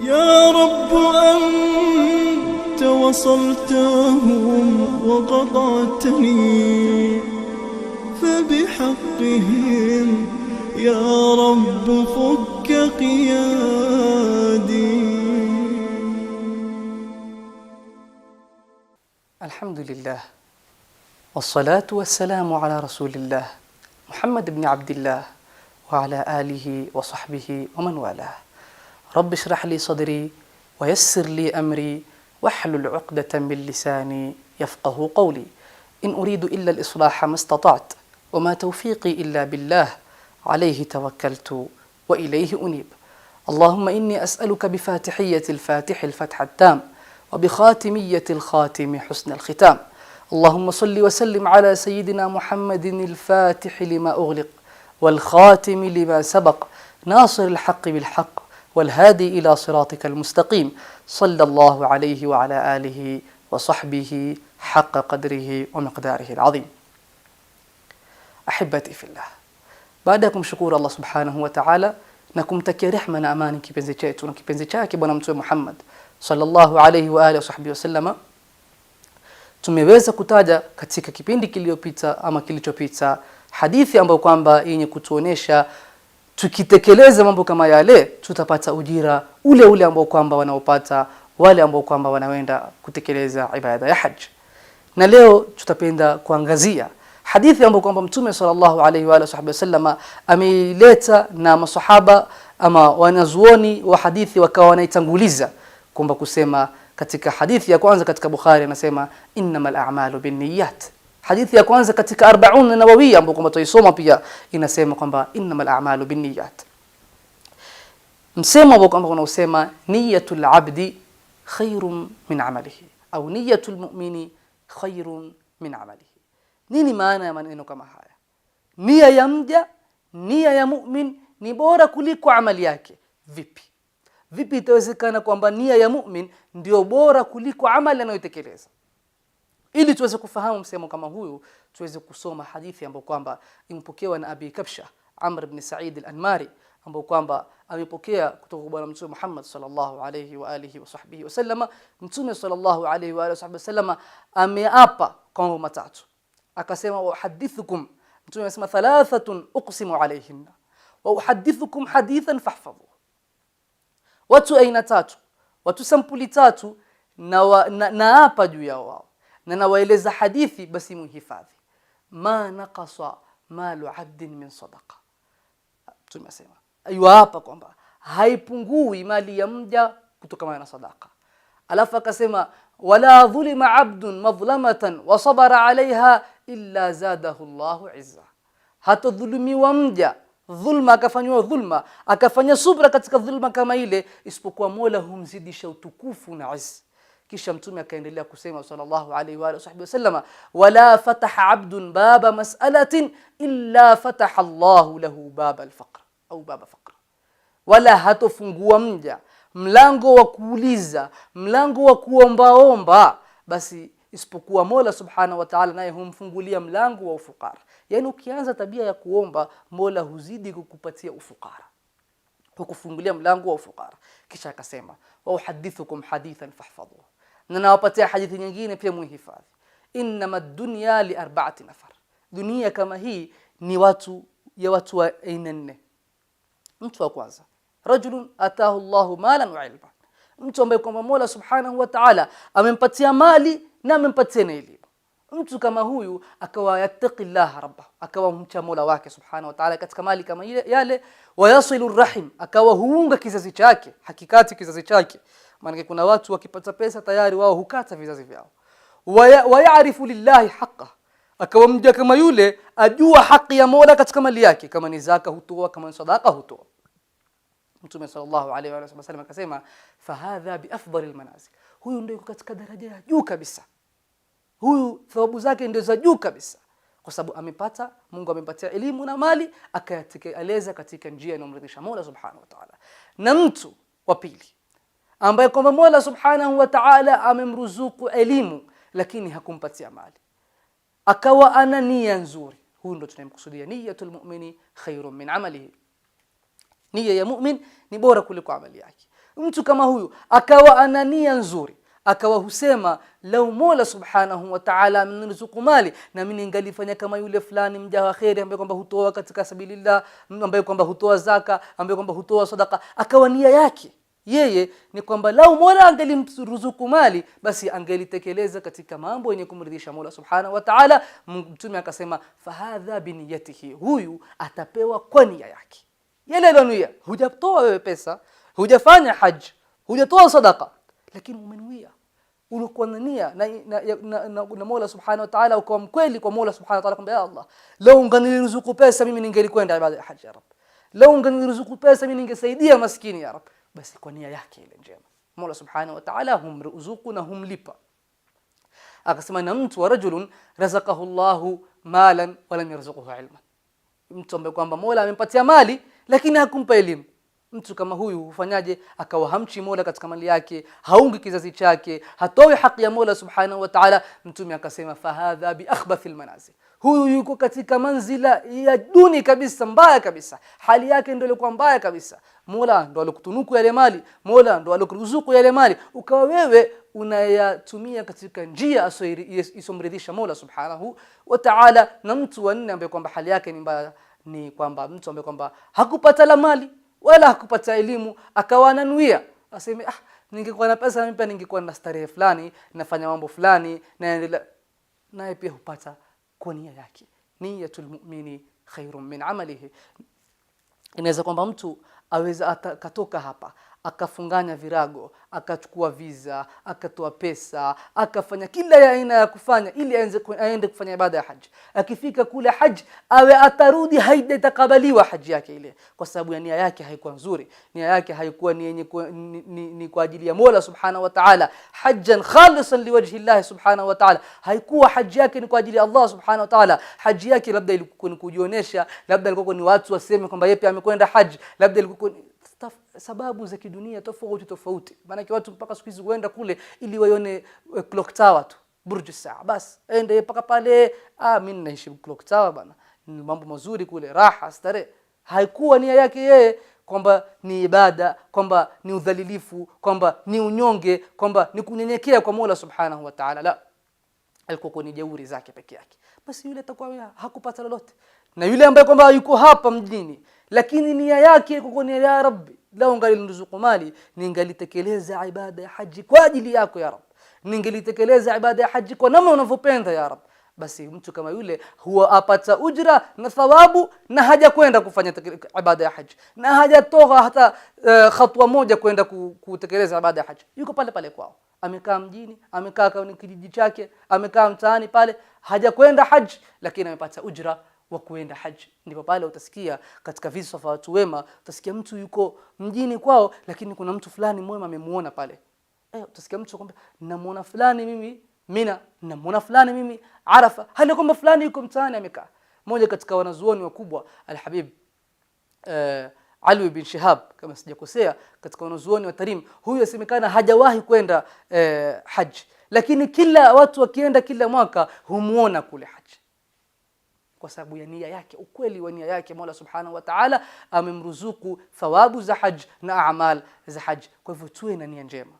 يا رب أنت وصلتهم وقطعتني فبحقهم يا رب فك قيادي الحمد لله والصلاة والسلام على رسول الله محمد بن عبد الله وعلى آله وصحبه ومن والاه رب اشرح لي صدري ويسر لي أمري واحلل عقدة من لساني يفقه قولي إن أريد إلا الإصلاح ما استطعت وما توفيقي إلا بالله عليه توكلت وإليه أنيب اللهم إني أسألك بفاتحية الفاتح الفتح التام وبخاتمية الخاتم حسن الختام اللهم صل وسلم على سيدنا محمد الفاتح لما أغلق والخاتم لما سبق ناصر الحق بالحق والهادي إلى صراطك المستقيم صلى الله عليه وعلى آله وصحبه حق قدره ومقداره العظيم أحبتي في الله baada ya kumshukuru allah subhanahu wa taala na kumtakia rehma na amani kipenzi chetu na kipenzi chake bwana mtume muhammad sallallahu alaihi wa alihi wasahbihi wasallama tumeweza kutaja katika kipindi kiliyopita ama kilichopita hadithi ambayo kwamba yenye kutuonesha tukitekeleza mambo kama yale tutapata ujira ule ule ambao kwamba wanaopata wale ambao kwamba wanaenda kutekeleza ibada ya haji. Na leo tutapenda kuangazia hadithi ambayo kwamba Mtume sallallahu alaihi wa sahbihi wasallam ameileta na masahaba ama wanazuoni wa hadithi wakawa wanaitanguliza kwamba kusema katika hadithi ya kwanza katika Bukhari anasema innamal a'malu binniyat Hadithi ya kwanza katika na nawawi ambayo kwamba tuisoma pia inasema kwamba innamal a'malu binniyat, msemo ambao kwamba unaosema niyatul abdi khairun min amalihi au niyatul mu'mini khairun min amalihi. Nini maana ya maneno kama haya? Nia ya mja, nia ya mu'min ni bora kuliko amali yake. Vipi? Vipi itawezekana kwamba nia ya mu'min ndio bora kuliko amali anayotekeleza? Ili tuweze kufahamu msemo kama huyu, tuweze kusoma hadithi ambayo kwamba imepokewa na Abi Kabsha Amr ibn Sa'id al-Anmari ambao kwamba amepokea kutoka kwa bwana mtume Muhammad sallallahu alayhi wa alihi wa sahbihi wasallama. Mtume sallallahu alayhi wa alihi wa sahbihi wasallama ameapa kwa mambo matatu, akasema wa hadithukum, mtume amesema thalathatun uqsimu alayhinna wa uhadithukum hadithan fahfadhu, watu aina tatu, watu sampuli tatu na, wa, na, naapa juu yao wao na nawaeleza hadithi, basi muhifadhi. ma naqasa malu abdin min sadaqa, tumesema ayuapa kwamba haipungui mali ya mja kutokana na sadaqa. Alafu akasema wala dhulima abdun madhlamatan wa sabara alaiha illa zadahu llahu izza, hatadhulumiwa mja dhulma akafanyiwa dhulma akafanya subra katika dhulma kama ile, isipokuwa Mola humzidisha utukufu na izza kisha mtume akaendelea kusema sallallahu alaihi wa sahbihi wasallama, wala fataha abdun baba mas'alatin illa fataha Allahu lahu baba alfaqr au baba faqr, wala hatofungua mja mlango wa kuuliza mlango wa kuombaomba basi isipokuwa Mola subhanahu wa Ta'ala naye humfungulia mlango wa ufukara. Yaani, ukianza tabia ya kuomba Mola huzidi kukupatia ufukara, hukufungulia mlango wa ufukara. Kisha akasema wa uhadithukum hadithan fahfadhuhu na nawapatia hadithi nyingine pia muihifadhi, innama dunya li arba'ati nafar, dunia kama hii ni watu ya watu wa aina nne. Mtu wa kwanza rajulun atahu Allahu malan wa ilman, mtu ambaye kwamba Mola subhanahu wa ta'ala amempatia mali na amempatia na elimu. Mtu kama huyu akawa yattaqi llaha rabbahu, akawa mcha Mola wake subhanahu wa ta'ala katika mali kama ile yale, wayasilu rahim, akawa huunga kizazi chake, hakikati kizazi chake maanake kuna watu wakipata pesa tayari wao hukata vizazi vyao wayarifu wa lillahi haqa akawa mja kama yule ajua haki ya mola katika mali yake kama ni zaka hutoa kama ni sadaka hutoa mtume sallallahu alaihi wa sallam akasema fahadha biafdali lmanazil huyu ndio katika daraja ya juu kabisa huyu thawabu zake ndio za juu kabisa kwa sababu amepata mungu amempatia elimu na mali akayatekeleza katika njia inayomridhisha mola subhanahu wa taala na mtu wa pili ambaye kwamba Mola Subhanahu wa Ta'ala amemruzuku elimu lakini hakumpatia mali, akawa ana nia nzuri. Huyu ndo tunayemkusudia niyatul mu'mini khairun min amalihi, nia ya mu'min ni bora kuliko amali yake. Mtu kama huyu akawa ana nia nzuri, akawa husema lau Mola Subhanahu wa Ta'ala ameniruzuku mali, na mimi ningalifanya kama yule fulani mja wa kheri, ambaye kwamba hutoa katika sabilillah, ambaye kwamba hutoa zaka, ambaye kwamba hutoa sadaka, akawa nia yake yeye ni kwamba lau Mola angelimruzuku mali basi angelitekeleza katika mambo yenye kumridhisha Mola subhanahu wa taala. Mtume akasema fahadha biniyatihi, huyu atapewa kwa nia yake. Yale alionuia, hujatoa wewe pesa, hujafanya haj hujatoa sadaka, lakini umenuia ulikuwa na nia na, na, na, na, na Mola subhanahu wa taala, ukawa mkweli kwa Mola subhanahu wa taala kwamba ya Allah, lau unganiruzuku pesa mimi ningelikwenda ibada ya haji ya rab lau unganiruzuku pesa mimi ningesaidia maskini ya rab basi kwa nia yake ile njema. Mola subhanahu wa ta'ala humruzuku na humlipa, akasema na mtu wa rajulun razaqahu llahu malan walam yarzuquhu ilman, mtu ambaye kwamba Mola amempatia mali lakini hakumpa elimu mtu kama huyu hufanyaje? Akawa hamchi Mola katika mali yake, haungi kizazi chake, hatoi haki ya Mola subhanahu wa taala. Mtume akasema fahadha akhbathil manazil, huyu yuko katika manzila ya duni kabisa, mbaya kabisa, hali yake ndio ilikuwa mbaya kabisa. Mola ndo alikutunuku yale mali, Mola ndo alikuruzuku yale mali, ukawa wewe unayatumia katika njia isomridhisha Mola subhanahu wa taala. Na mtu wanne ambaye kwamba hali yake ni mbaya ni kwamba mtu ambaye kwamba hakupata la mali wala hakupata elimu, akawa ananuia aseme ah, ningekuwa na pesa mimi pia ningekuwa na starehe fulani, nafanya mambo fulani, naendelea naye pia hupata kwa nia yake. Niyatul mu'mini khairun min amalihi. Inaweza kwamba mtu aweza akatoka hapa akafunganya virago, akachukua visa, akatoa pesa, akafanya kila aina ya kufanya ili aende kufanya ibada ya haji. Akifika kule haji awe atarudi, haitakabaliwa haji yake ile, kwa sababu ya nia yake haikuwa nzuri, nia yake haikuwa ni yenye ni kwa ajili ya Mola subhanahu wa ta'ala, hajjan khalisan liwajhi Allah subhanahu wa ta'ala. Haikuwa haji yake ni kwa ajili ya Allah subhanahu wa ta'ala, haji yake labda ilikuwa ni kujionesha, labda ilikuwa ni watu waseme kwamba yeye pia amekwenda haji, labda ilikuwa sababu za kidunia tofauti tofauti. Maanake watu mpaka siku hizi huenda kule ili waione eh, clock tower tu, Burj Saa, basi ende mpaka pale. Ah, mimi naishi clock tower bana, mambo mazuri kule, raha, stare Haikuwa nia yake yeye kwamba ni ibada, kwamba ni udhalilifu, kwamba ni unyonge, kwamba ni kunyenyekea kwa Mola subhanahu wa Ta'ala, la alikuwa kwenye jeuri zake peke yake, basi yule atakuwa hakupata lolote. Na yule ambaye kwamba yuko hapa mjini, lakini nia yake iko ni ya Rabbi, lau ngaliniruzuku mali, ningalitekeleza ibada ya haji kwa ajili yako ya Rabbi, ningalitekeleza ibada ya haji kwa namna unavyopenda ya Rabbi, basi mtu kama yule huwa apata ujra na thawabu, na haja kwenda kufanya ibada ya haji na hajatoka hata uh, hatua moja kwenda kutekeleza ibada ya haji, yuko pale pale kwao amekaa mjini, amekaa kwenye kijiji chake, amekaa mtaani pale, hajakwenda haji, lakini amepata ujra wa kuenda haji. Ndipo pale utasikia katika visa vya watu wema, utasikia mtu yuko mjini kwao, lakini kuna mtu fulani mwema amemuona pale. Eh, utasikia mtu akwambia, namuona fulani mimi Mina, namuona fulani mimi Arafa, hali kwamba fulani yuko mtaani amekaa. Moja katika wanazuoni wakubwa Alhabib eh, Alwi bin Shihab kama sijakosea, katika wanazuoni wa Tarim. Huyu asemekana hajawahi kwenda eh, haji, lakini kila watu wakienda kila mwaka humuona kule haji kwa sababu ya nia yake, ukweli wa nia yake. Mola subhanahu wa taala amemruzuku thawabu za haji na amal za haji. Kwa hivyo tuwe na nia njema,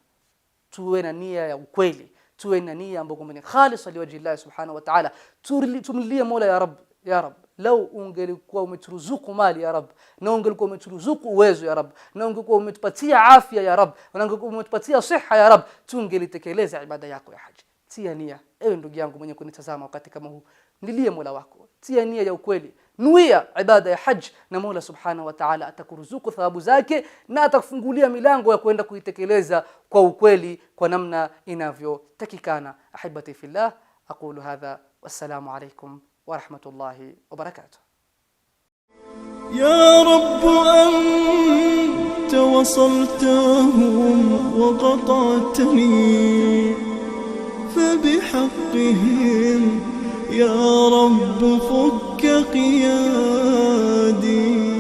tuwe na nia ya ukweli, tuwe na nia ambayo ni khalisa liwajhi llahi subhanahu wa taala. Tumlilie Mola, ya rab ya rab lau ungelikuwa umeturuzuku mali ya rab na ungelikuwa umeturuzuku uwezo ya rab na ungekuwa umetupatia afya ya rab na ungekuwa umetupatia siha ya rab tungelitekeleza ibada yako ya haji tia nia ewe ndugu yangu mwenye kunitazama wakati kama huu ndilie mola wako tia nia ya ukweli nuia ibada ya haji na mola subhanahu wa atakuruzuku thawabu zake na atakufungulia milango ya kwenda kuitekeleza kwa ukweli kwa namna inavyotakikana ahibati fillah aqulu hadha wassalamu alaikum ورحمة الله وبركاته يا رب أنت وصلتهم وقطعتني فبحقهم يا رب فك قيادي